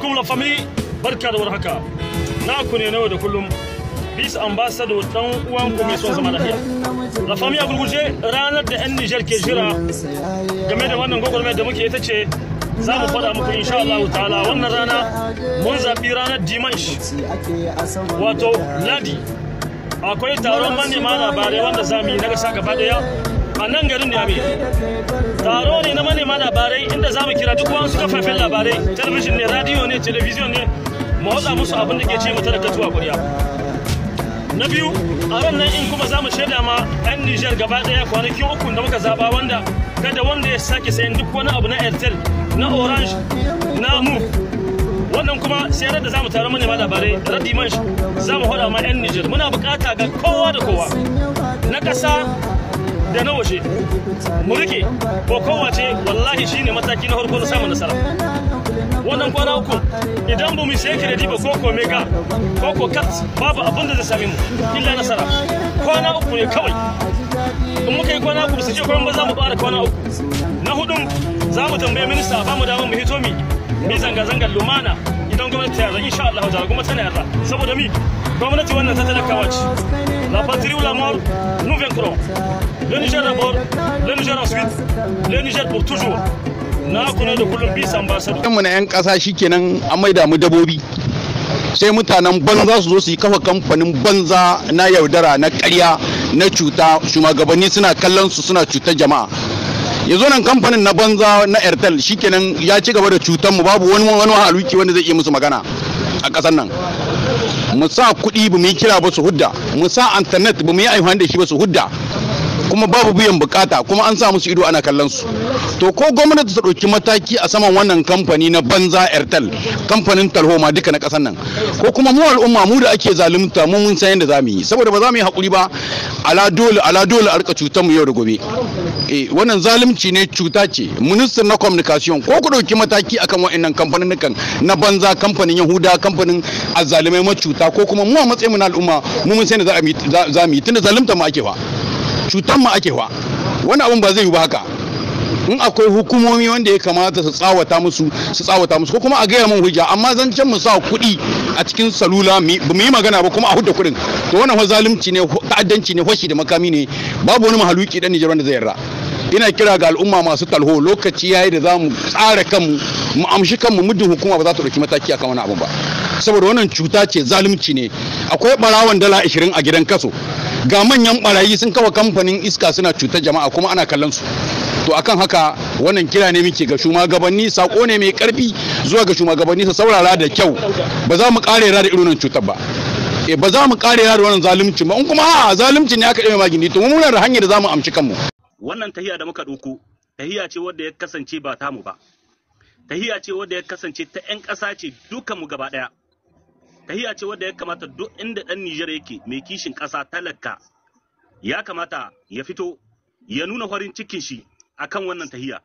alaikum la family barka da warhaka na ku ne nawa da kullum bis ambassador dan uwan ku mai son zama lafiya la family a gurguje ranar da yan Niger ke jira game da wannan gwagwarmayar da muke ita ce za mu faɗa muku insha Allah ta'ala wannan rana mun zaɓi ranar dimash wato ladi akwai taron manema labarai wanda zamu yi na gasa gaba ɗaya a nan garin Niamey. Taro ne na manema labarai inda za mu kira duk wasu kafafen labarai, talabijin ne, radiyo ne, telebijin ne, mu musu abin da ke ce mu talaka zuwa kuriya. Na biyu, a ran nan in kuma za mu shaida ma 'yan Nijar gaba ɗaya kwanaki uku da muka zaba wanda kada wanda ya sake sayan duk wani abu na Airtel, na Orange, na mu. Wannan kuma sai da za mu taro manema labarai, radiman za mu haɗa ma 'yan Nijar. Muna buƙata ga kowa da kowa. Na ƙasa da na waje mu rike ko kowace wallahi shine mataki na farko na samun nasara wannan kwana uku idan ba mu sai da ba ko ko mega ko ko kat babu abin da zai same mu illa nasara kwana uku ne kawai in muka yi kwana uku su ce kwan ba za mu fara kwana uku na hudun za mu tambaye minista ba mu damar mu hito mi mi zanga-zangar lumana idan gwamnati ta yarda insha Allah ta kuma tana yarda saboda mi gwamnati wannan ta talakawa kawaci, la patrie ou la mort nous vaincrons le Niger d'abord le Niger ensuite le Niger pour toujours na ku ne da kullum bis ambassador mu na yan kasa shikenan an maida mu dabobi sai mutanen banza su zo su yi kafa kamfanin banza na yaudara na karya na cuta shugabanni suna kallon su suna cutar jama'a yanzu e nan kamfanin na banza na airtel shikenan ya ci gaba da cutar mu babu wani wani haluki wanda zai iya musu magana a ƙasar nan mu sa kuɗi ba mu yi kira ba su hudda mu sa internet ba mu yi aihuwan da shi ba su hudda kuma babu biyan bukata kuma an sa musu ido ana kallon su to ko gwamnati ta ɗauki mataki a saman wannan kamfani na banza airtel kamfanin talhoma duka na ƙasar nan ko kuma mu al'umma mu da ake zalunta mu mun san yadda za mu yi saboda ba za mu yi haƙuri ba ala dole ala dole a rika cutar mu yau da gobe eh wannan zalunci ne cuta ce minister na communication ko ku dauki mataki akan wa'annan kamfanin na banza kamfanin yahuda kamfanin azzalumai cuta ko kuma mu a matsayin mu na al'umma mu mun sani za mu yi tunda zalunta mu ake fa cutan mu ake fa wani abun ba zai yi ba haka in akwai hukumomi wanda ya kamata su tsawata musu su tsawata musu ko kuma a gaya mun hujja amma zan can mu sa kuɗi a cikin salula mu yi magana ba kuma a hudda kuɗin to wannan fa zalunci ne ta'addanci ne fashi da makami ne babu wani mahaluki dan Nijar wanda zai yarda ina kira ga al'umma masu talho lokaci ya yi da za mu tsara kanmu mu amshi kanmu muddin hukuma ba za ta ɗauki mataki akan wani abu ba saboda wannan cuta ce zalunci ne akwai barawan dala 20 a gidan kaso ga manyan barayi sun kawo kamfanin iska suna cutar jama'a kuma ana kallon su to akan haka wannan kira ne muke ga shugabanni sako ne mai karfi zuwa ga shugabanni su saurara da kyau ba za mu kare da irin cutar ba eh, ba za mu kare da wannan zalunci ba in kuma a zalunci ne aka ɗaya magini to mu muna da hanyar da za mu amshi kanmu wannan tahiya da muka ɗauko tahiya ce wadda ya kasance ba tamu ba tahiya ce wadda ya kasance ta 'yan ƙasa ce dukan gaba ɗaya tahiya ce wadda ya kamata duk inda ɗan Nijar yake mai kishin ƙasa talaka ya kamata ya fito ya nuna farin cikin shi akan wannan tahiya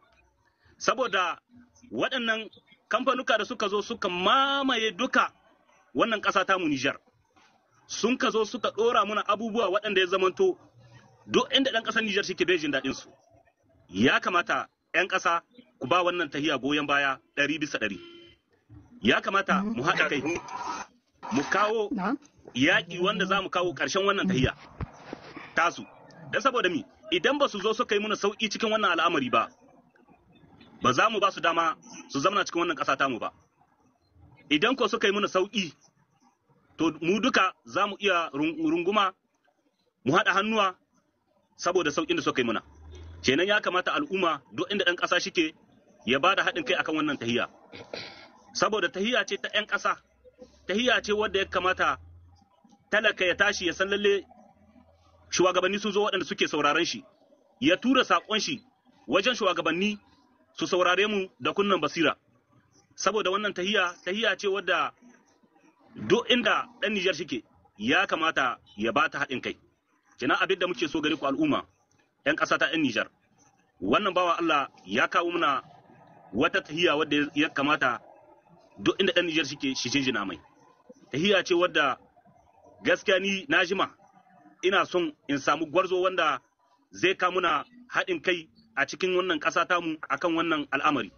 saboda waɗannan kamfanuka da suka zo suka mamaye duka wannan ƙasa ta mu Nijar sun ka zo suka ɗora mana abubuwa waɗanda ya zamanto duk inda ɗan ƙasar Nijar suke bejin daɗin su ya kamata ƴan ƙasa ku ba wannan tahiya goyon baya ɗari bisa ɗari ya kamata mu haɗa kai mu kawo yaƙi wanda za mu kawo ƙarshen wannan tahiya tasu don saboda mi idan ba su zo suka yi muna sauƙi cikin wannan al'amari ba ba za mu ba su dama su zamana cikin wannan ƙasa tamu ba idan ko suka yi muna sauƙi to mu duka za mu iya runguma mu haɗa hannuwa saboda saukin da suka yi muna kenan ya kamata al'umma duk inda ɗan ƙasa shike ya ba da haɗin kai akan wannan tahiya saboda tahiya ce ta ƴan ƙasa tahiya ce wadda ya kamata talaka ya tashi ya san lalle shugabanni sun zo waɗanda suke sauraron shi ya tura saƙon shi wajen shugabanni su saurare mu da kunnan basira saboda wannan tahiya tahiya ce wadda duk inda ɗan Nijar shike ya kamata ya ba ta haɗin kai kina abin da muke so gari ku al'umma yan ƙasa ta yan Nijar wannan bawa Allah ya kawo muna wata tahiya wadda ya kamata duk inda ɗan Nijar suke shi jinjina mai tahiya ce wadda gaskiya ni na jima ina son in samu gwarzo wanda zai ka muna haɗin kai a cikin wannan ƙasa mu akan wannan al'amari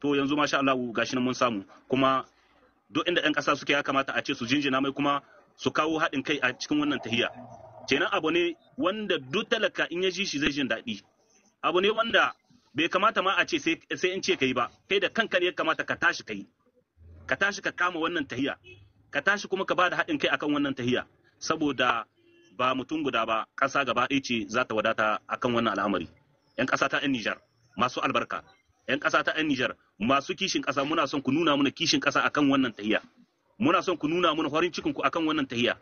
to yanzu masha Allah gashi mun samu kuma duk inda ɗan ƙasa suke ya kamata a ce su jinjina mai kuma su kawo haɗin kai a cikin wannan tahiya kenan abu ne wanda duk talaka in ya ji shi zai jin daɗi abu ne wanda bai kamata ma a ce sai in ce yi ba kai da kanka ne ya kamata ka tashi ka yi. ka tashi ka kama wannan tahiya ka tashi kuma ka bada haɗin kai akan wannan tahiya saboda ba mutum guda ba ƙasa gaba ɗaya ce za ta wadata akan wannan al'amari yan ƙasa ta yan Nijar masu albarka yan ƙasa ta yan Nijar masu kishin ƙasa muna son ku nuna muna kishin ƙasa akan wannan tahiya muna son ku nuna muna farin cikin ku akan wannan tahiya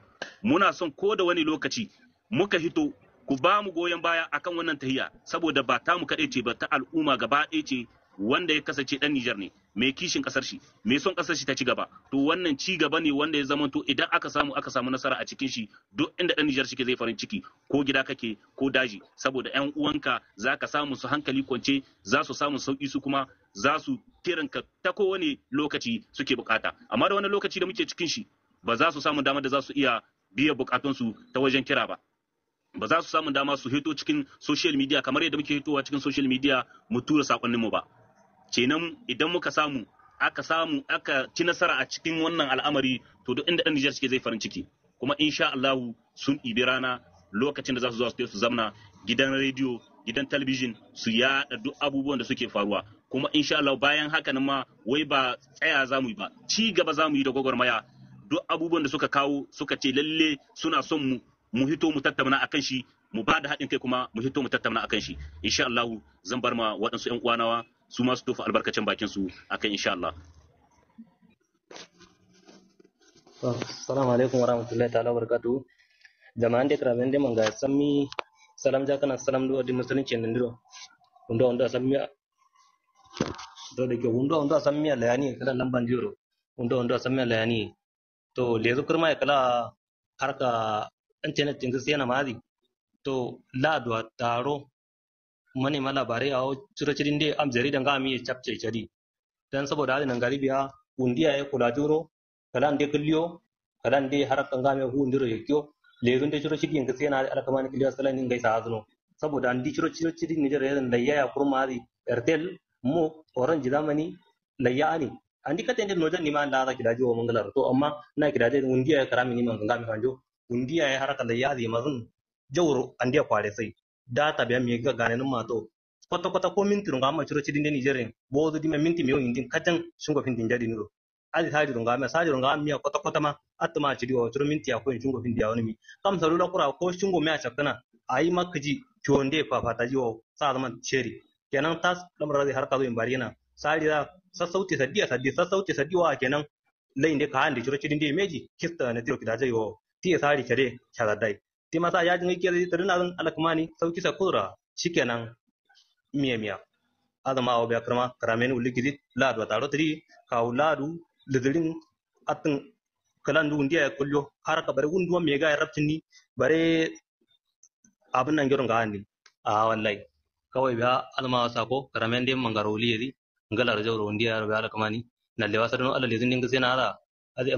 muna son ko da wani lokaci muka hito ku ba mu goyon baya akan wannan tahiya saboda ba ta mu kaɗai ce ba ta al'umma gaba ɗaya ce wanda ya kasance ɗan Nijar ne mai kishin ƙasar shi mai son ƙasar shi ta ci gaba to wannan ci gaba ne wanda ya zamanto idan aka samu aka samu nasara a cikin shi duk inda ɗan Nijar shike zai farin ciki ko gida kake ko daji saboda ƴan uwanka za ka samu su hankali kwance za su samu sauki su kuma za su kiranka ta kowane lokaci suke bukata amma da wani lokaci da muke cikin shi ba za su samu damar da za su iya biya bukatunsu ta wajen kira ba ba za su samu dama su hito cikin social media kamar yadda muke hitowa cikin social media mu tura sakonninmu ba kenan idan muka samu aka samu aka ci nasara a cikin wannan al'amari to duk inda ɗan Nijar suke zai farin ciki kuma insha Allah sun ibi rana lokacin da za su zo su zamna gidan rediyo gidan talabijin su yaɗa duk abubuwan da suke faruwa kuma insha Allah bayan haka nan ma wai ba tsaya za mu yi ba ci gaba za mu yi da gwagwarmaya duk abubuwan da suka kawo suka ce lalle suna son mu mu hito mu tattauna akan shi mu ba da haɗin kai kuma mu hito mu tattauna akan shi insha Allah zan bar ma waɗansu ƴan uwanawa su ma su tofa albarkacin bakin su akan insha Allah assalamu alaikum wa rahmatullahi ta'ala barakatuh jama'an de kraben de manga sammi salam ja kana salam do di musulunci nan diro wanda wanda sammi do da ke wanda wanda sammi layani kada lamban jiro wanda wanda sammi layani to lezu kurma ya kala harka internet din gaskiya na mari to la do taro mani ma labarai a cire cirin da am jaridan ga mi chapche chari dan saboda halin garibiya undiya ya kula juro kalan dai kulliyo kalan dai harkan ga mi hundiro yakyo lezun dai cire cirin gaskiya na alkamani kulliyo salan din gaisa azno saboda andi di cire cirin nijar yadan da yaya kurma ari ertel mo orange zamani layya ani andikate nder lojan nima laata kidaji wo mangala to amma na kidaje wun diya kara mini man ngami kanjo wun diya ya haraka da yadi mazun jawro andiya kware sai data be mi ga ganen ma to kota kota ko minti ro ngama chiro chidi ndeni jeren bodo dime minti mi yindin katan shingo fin din jadi niro ali haji ro ngama saji ro ngama kota kota ma atma chidi o chiro minti ya ko shingo fin dia woni kam saru la kura ko shingo mi a chakana ayi makji chonde fa fataji o sa zaman cheri kenan tas lamra har ka zo in barina da Sassauci Sadiya a Sassauci sassauti saddi wa kenan lain de kaan de chura chirin de meji kista na tiro kidaje yo ti sari kare dai. ti masa ya jin ke da tarina zan alakmani sauki sa kudra shikenan miya miya adama o bakrama karamen ulikidi lad wataro tri kauladu lidirin atin kalan du ndia kulyo haraka bare wundu mega ya rabtini bare abin nan girin ga hanni a wallahi kawai biya alma sako karamen de mangaroli yadi ngala rajawro ndiya be ala kamani na lewa dono ala lezin dinga sena ala adi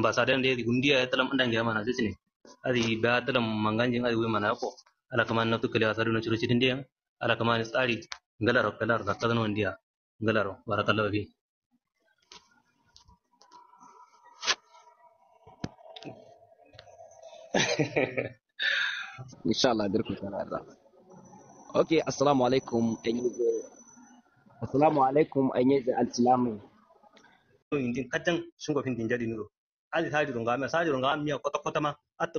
dia di gundiya ya talam andan gama na sisine adi ba talam manganjin adi we mana ala kamani na tukale asadu na chiro chidin diyan ala kamani tsari ngala ro kala ro kadan ndiya ngala ro barakallahu fi inshallah dirku sana okay Thank you. assalamu alaikum anyeze altilamai indin katan shingo fin din jadi nuro ali saji runga me saji runga miya kota kota ma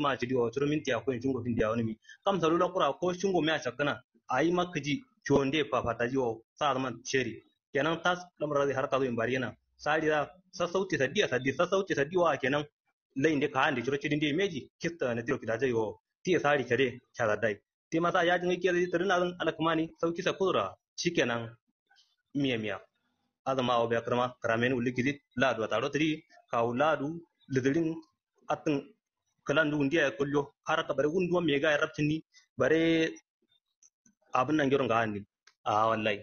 ma ji diwa turu minti ko shingo fin diya wani mi kam salu la kura ko shingo me a shakana ayi makaji chonde pa fata wa sa man cheri kenan tas lamar da har ta zo in bariyana sari da sassauci ta diya sadi sassauci ta wa kenan lain da ka hande chiro chidin de meji kitta na diro kidaje yo ti sari kare kya dai ti ma sa ya jin ke da tarin alakmani sauki sa kudura shikenan miya Azama a wabiya krama kramen uli kidit ladu ataro tiri kau ladu lidirin atin kalandu undia kulyo haraka bare undua mega eraptini bare abin nan giron ga hanni a ah, wallahi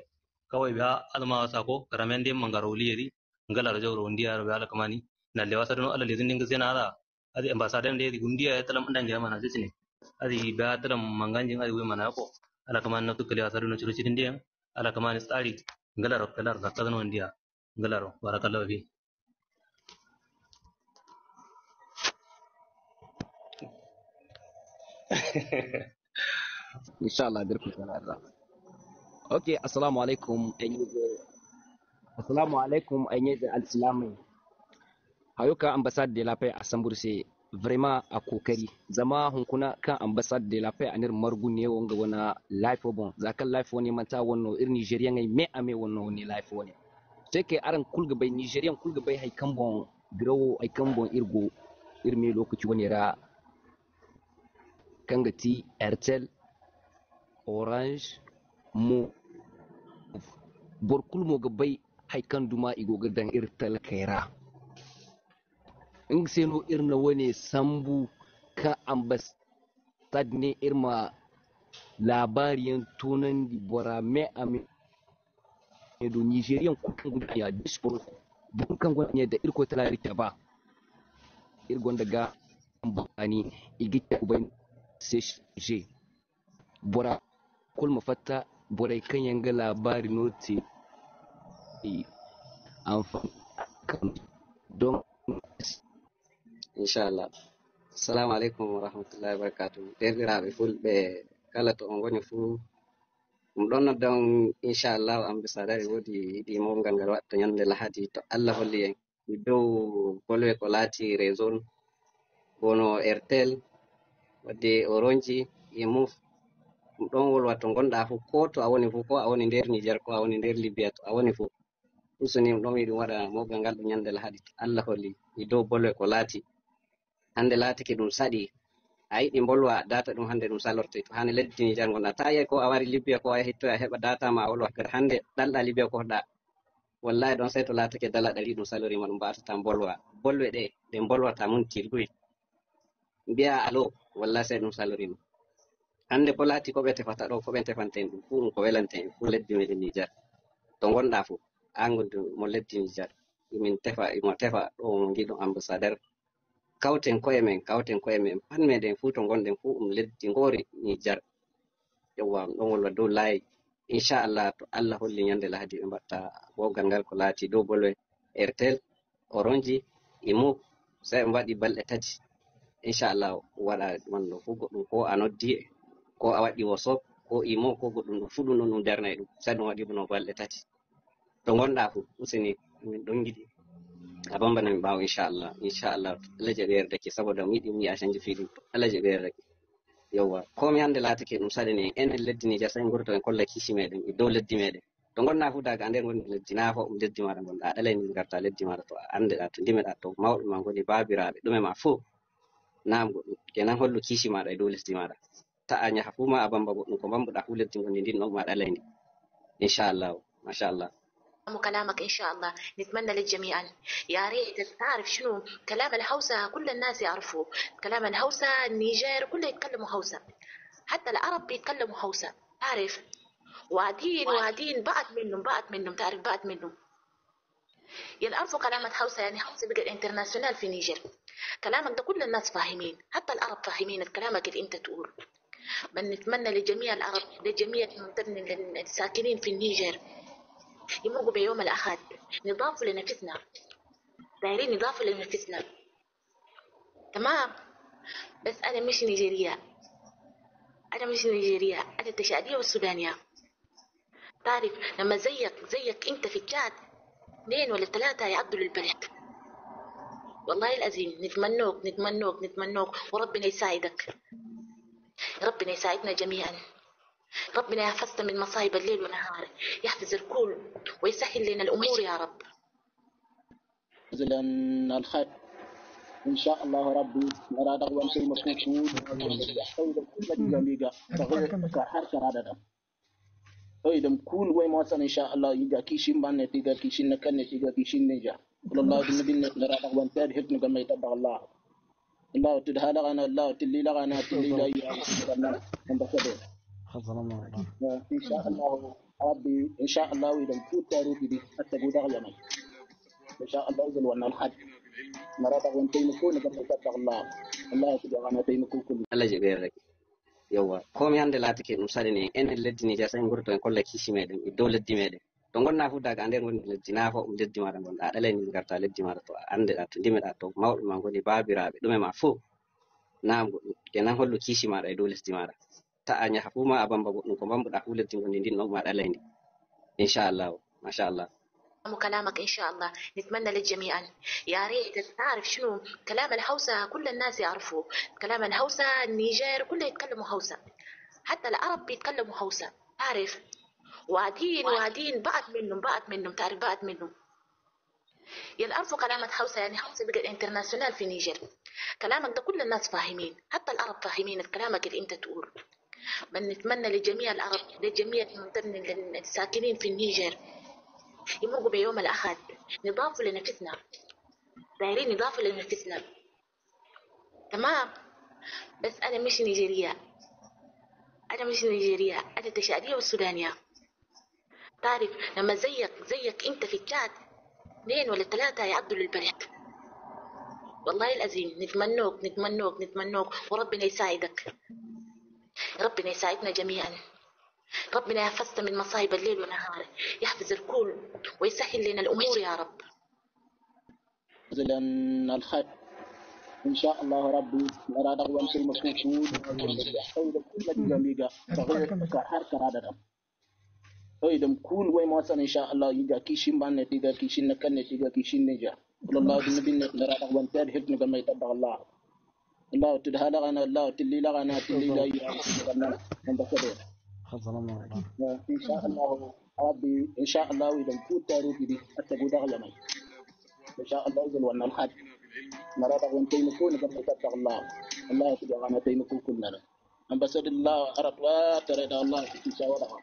kawai biya azama sako kramen dem mangaroli yeri ngalar jawro undia biya alkamani na lewa sadano ala lezin dinga sena ala adi ambasadam de gundiya talam ndanga mana jicine adi ba talam manganjin adi we mana ko ala kaman na tukale asaru no churu chidin ala kaman tsari Ngelaro, ngelaro, gattagano India, Ngelaro, barakallahu fi. Inshallah, dirku sanarra. Oke, assalamu alaikum. Assalamu alaikum, ayyeze al-islamai. Hayuka ambassade de la paix à Sambourse. vraiment a kokari zama hunkuna kan ambassade de la paix anir margu ne wanga wana life bon zakal life woni manta wonno ir nigeria ngai me ame wonno ni life woni take aran kulga bai nigerian kulga bai hay kambon girawo ay kambon irgo ir me lokaci woni ra kangati airtel orange mo borkul mo ga bai hay kanduma duma ir talkaira in sai no irin na wani sambu ka ambasad ne irma labariyan tunan di bora me ame do nigerian kukan gudun ya disporo bunkan ya da irko talari ta ba irgon daga ambani igita ubain seshe bora kulma fatta bora ikan yanga labari note amfani don insha allah assalamu aleykum warahmatullahi wabarakatuh derɗiraɓe fulɓe kala to on woni fuu ɗum ɗon nodda on inchallahu amɓe sadari woodi ɗi mawgal ngal watta ñande lahadi to allah holli en mi dow bolwe ko laati réseau wono ertel wadde oronji e muf ɗum ɗon wolwa to gonɗa fu ko to a woni fu ko a woni nder niger ko a woni nder libya to a woni fu ɗum soni ɗum ɗon wiɗum waɗa mawgal ngal ɗo ñande lahadi to allah holli mi dow bolwe ko laati hande laatake ɗum saɗi a yiɗi mbolwa data ɗum hande ɗum salortoy to hane leddi nijar gona taye ko a wari libiya ko a hettoy a heɓa data ma wolwa kadi hande ɗalɗa libiya koɗa wallahi ɗon sey to laatake dala ɗari ɗum salorima ɗum mbatata mbolwa bolwe ɗe ɗe mbolwata mum tirguy mbiya alo wallahi sey ɗum salorima hande bo laati koɓe tefata ɗo koɓe tefanten ɗum fu ɗum ko welante en fu leddi meɗen nijar to gonɗa fu angodu mo leddi nijar min tefa imo tefa ɗo mo giɗo ambassadeur kawten koye men kawten koye men pat meɗen fuu to gonɗen fuu ɗum leddi ngoori nijar yewwa m ɗon wolwa dow laayi inchallah to allah holli nyande lahadi ɓe mbatta bogal ngal ko laati dow bolwe ertel oronji imo sai ɓe mbaɗi balɗe tati inchallah waɗa wanno fuu goɗɗum ko a noddi e ko a waɗi woso ko imo ko goɗɗum ɗo fuu ɗum ɗon ɗum darnay ɗum sai ɗum waɗi no balɗe tati to gonɗa fuu useni min ɗon giɗi abin bana mi bawo insha Allah insha Allah alaje be yarda ke saboda mu mu a canji fili alaje be yarda ke ko komi hande ta ke ɗum sade ne enen leddi ni jasa ngurta en kolla kishi meɗen e dow leddi meɗen to gonna fu daga nder gondi leddi na fo ɗum leddi maɗa gonɗa aɗala en garta leddi maɗa to andeɗa to ndimeɗa to mawdu ma goni babiraɓe dume ma fu, nam goɗɗum kenan hollu kishi maɗa e dow lesdi maɗa ta'a ta anya ma a bamba goɗɗum ko bambuɗa hu leddi gondi ndin ɗon insha allah masha allah. وكلامك إن شاء الله نتمنى للجميع يا ريت تعرف شنو كلام الهوسة كل الناس يعرفوه كلام الهوسة النيجير كله يتكلموا هوسة حتى العرب بيتكلموا هوسة عارف وادين وادين بعد منهم بعد منهم تعرف بعد منهم يعرفوا كلامك هوسة يعني هوسة بقى انترناسيونال في نيجر كلامك ده كل الناس فاهمين حتى العرب فاهمين كلامك اللي انت تقول بنتمنى لجميع العرب لجميع الساكنين في النيجر يمرقوا بيوم الأحد نضاف لنفسنا دايرين نضاف لنفسنا تمام بس أنا مش نيجيريا أنا مش نيجيريا أنا تشادية والسودانية تعرف لما زيك زيك أنت في الجاد اثنين ولا ثلاثة يعدوا للبلد والله العظيم نتمنوك نتمنوك نتمنوك وربنا يساعدك ربنا يساعدنا جميعا ربنا يحفظنا من مصايب الليل ونهاره يحفظ الكل ويسهل لنا الأمور يا رب لنا الخير ان شاء الله ربي نرى دغوا في مكوكود يحتوي كل جميع تغير كحر كرادة أي دم كل ما إن شاء الله يجا كيشين بان نتيجة كيشين نكن نتيجة كيشين نجا الله دم دين نرى دغوا تاد هبنا كما يتبع الله الله تدها لغنا الله تلي لغنا تلي لا يا الله حفظنا الله ان شاء الله ربي ان شاء الله اذا كنت ربي اتقوا دغيا ان شاء الله اذا وانا الحج مرات وان تيمكون قد تتق الله الله سبحانه تيمكون كل الله جبيرك yawwa komi hannde laati ke ɗum saɗini en en leddi ni jasa en ngurto en kolla kiisi meɗen e dow leddi meɗen to gonna fu daga nder gondi leddi na fo ɗum leddi maɗa gonɗa aɗala ni garta leddi maɗa to a andeɗa to ndimeɗa to mawɓe ma goni babiraɓe ɗume ma fuu nam goɗɗum kenan hollu kiisi maɗa e dow lesdi maɗa ta'a nyaha fu ma a bamba goɗɗum ko bambuɗa fu leddi woni ndin ɗon ما شاء الله كلامك إن شاء الله نتمنى للجميع يا ريت تعرف شنو كلام الهوسة كل الناس يعرفوه كلام الهوسة النيجير كله يتكلموا هوسة حتى العرب بيتكلموا هوسة عارف وعدين وعدين بعد منهم بعد منهم تعرف بعد منهم يعرفوا كلامك هوسة يعني هوسة بقى انترناسيونال في نيجير كلامك ده كل الناس فاهمين حتى العرب فاهمين كلامك اللي انت تقوله بنتمنى لجميع العرب لجميع المنتمين الساكنين في النيجر يمرقوا بيوم الأحد نضافوا لنفسنا دايرين نضافوا لنفسنا تمام بس أنا مش نيجيريا أنا مش نيجيريا أنا تشادية والسودانية تعرف لما زيك زيك أنت في الشات اثنين ولا ثلاثة يعدوا للبلد والله العظيم نتمنوك نتمنوك نتمنوك وربنا يساعدك ربنا يساعدنا جميعا ربنا يحفظنا من مصايب الليل والنهار يحفظ الكل ويسهل لنا الأمور يا رب لأن الخير ان شاء الله ربي نرى أن في المسجد حول كل جميعا تغير كهر كرادة ايدم كل وي ما ان شاء الله يجا كيشين بان نتيجا كيشين نكن نتيجا كيشين نجا والله النبي نرى دغوان تاد هيك نغمي يتبع الله الله تدها لغنا الله تلي لغنا تلي لا يعلمنا من بكرة إن شاء الله ربي إن شاء الله إذا كنت تروي دي أتقول لغنا إن شاء الله إذا وانا الحاج نرى وين تيمكون قبل تتق الله الله تدعانا تيمكون كلنا أن بسد الله أرد وترى الله في شاورها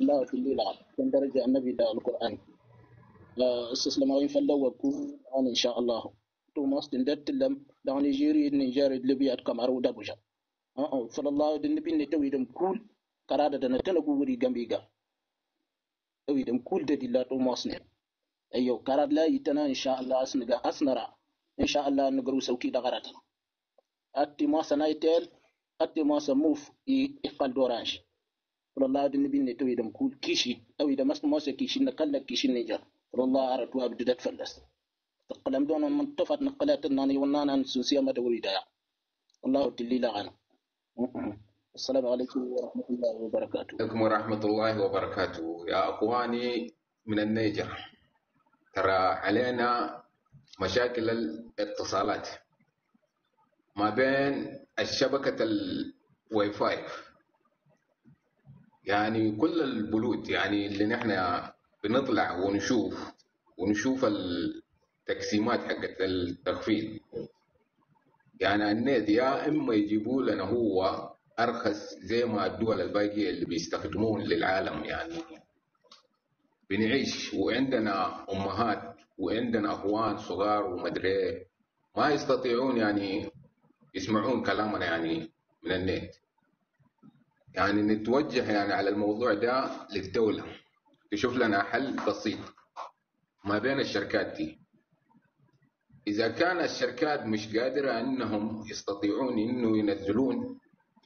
الله تلي لغنا من درجة النبي دا القرآن استسلم وين الله وكون إن شاء الله تو ماست ندت لم dans les jurys de Niger, et et de Libye Libya, Kamaru, Dabuja. Il Uh -uh. Sallallahu alaihi wasallam ne tawi dum kul karada da na tana guguri gambiga. Tawi dum kul da dilla to mosne. Ayyo karad la yitana insha Allah asnaga asnara. Insha Allah nugaru sauki da garata. Atti ma sanaitel atti ma samuf i ifal dorange. Sallallahu alaihi wasallam ne tawi dum kul kishi tawi da masna mosaki kishi na kallaki kishi Niger. Sallallahu alaihi wasallam abdu dat fallas. تقلم دون من طفت نقلات الناني ونانا نسوسيا ما تقول الله والله تليل عنه السلام عليكم ورحمة الله وبركاته عليكم ورحمة الله وبركاته يا أخواني من النيجر ترى علينا مشاكل الاتصالات ما بين الشبكة الواي فاي يعني كل البلود يعني اللي نحن بنطلع ونشوف ونشوف ال التقسيمات حقت التخفيض يعني النت يا اما يجيبوا لنا هو ارخص زي ما الدول الباقيه اللي بيستخدمون للعالم يعني بنعيش وعندنا امهات وعندنا اخوان صغار ومدري إيه. ما يستطيعون يعني يسمعون كلامنا يعني من النت يعني نتوجه يعني على الموضوع ده للدولة تشوف لنا حل بسيط ما بين الشركات دي إذا كان الشركات مش قادرة أنهم يستطيعون أنه ينزلون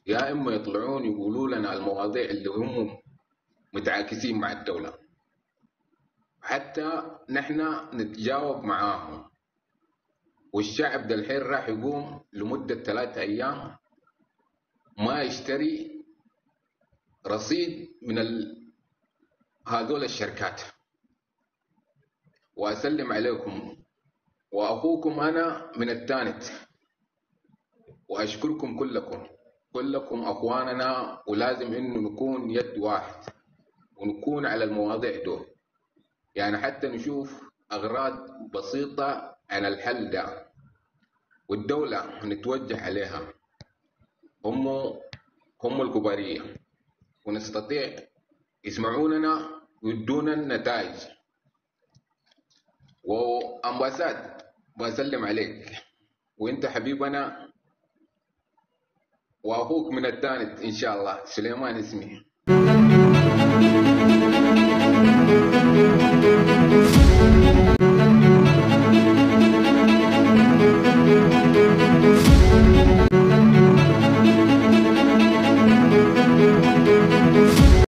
يا إما يطلعون يقولوا لنا المواضيع اللي هم متعاكسين مع الدولة حتى نحن نتجاوب معاهم والشعب ده الحين راح يقوم لمدة ثلاثة أيام ما يشتري رصيد من ال... هذول الشركات وأسلم عليكم وأخوكم أنا من التانت وأشكركم كلكم كلكم أخواننا ولازم إنه نكون يد واحد ونكون على المواضيع دول يعني حتى نشوف أغراض بسيطة عن الحل ده والدولة نتوجه عليها هم هم الكبارية ونستطيع يسمعوننا ويدونا النتائج وأمباسات بسلم عليك وأنت حبيبنا وأخوك من الدانت إن شاء الله سليمان اسمي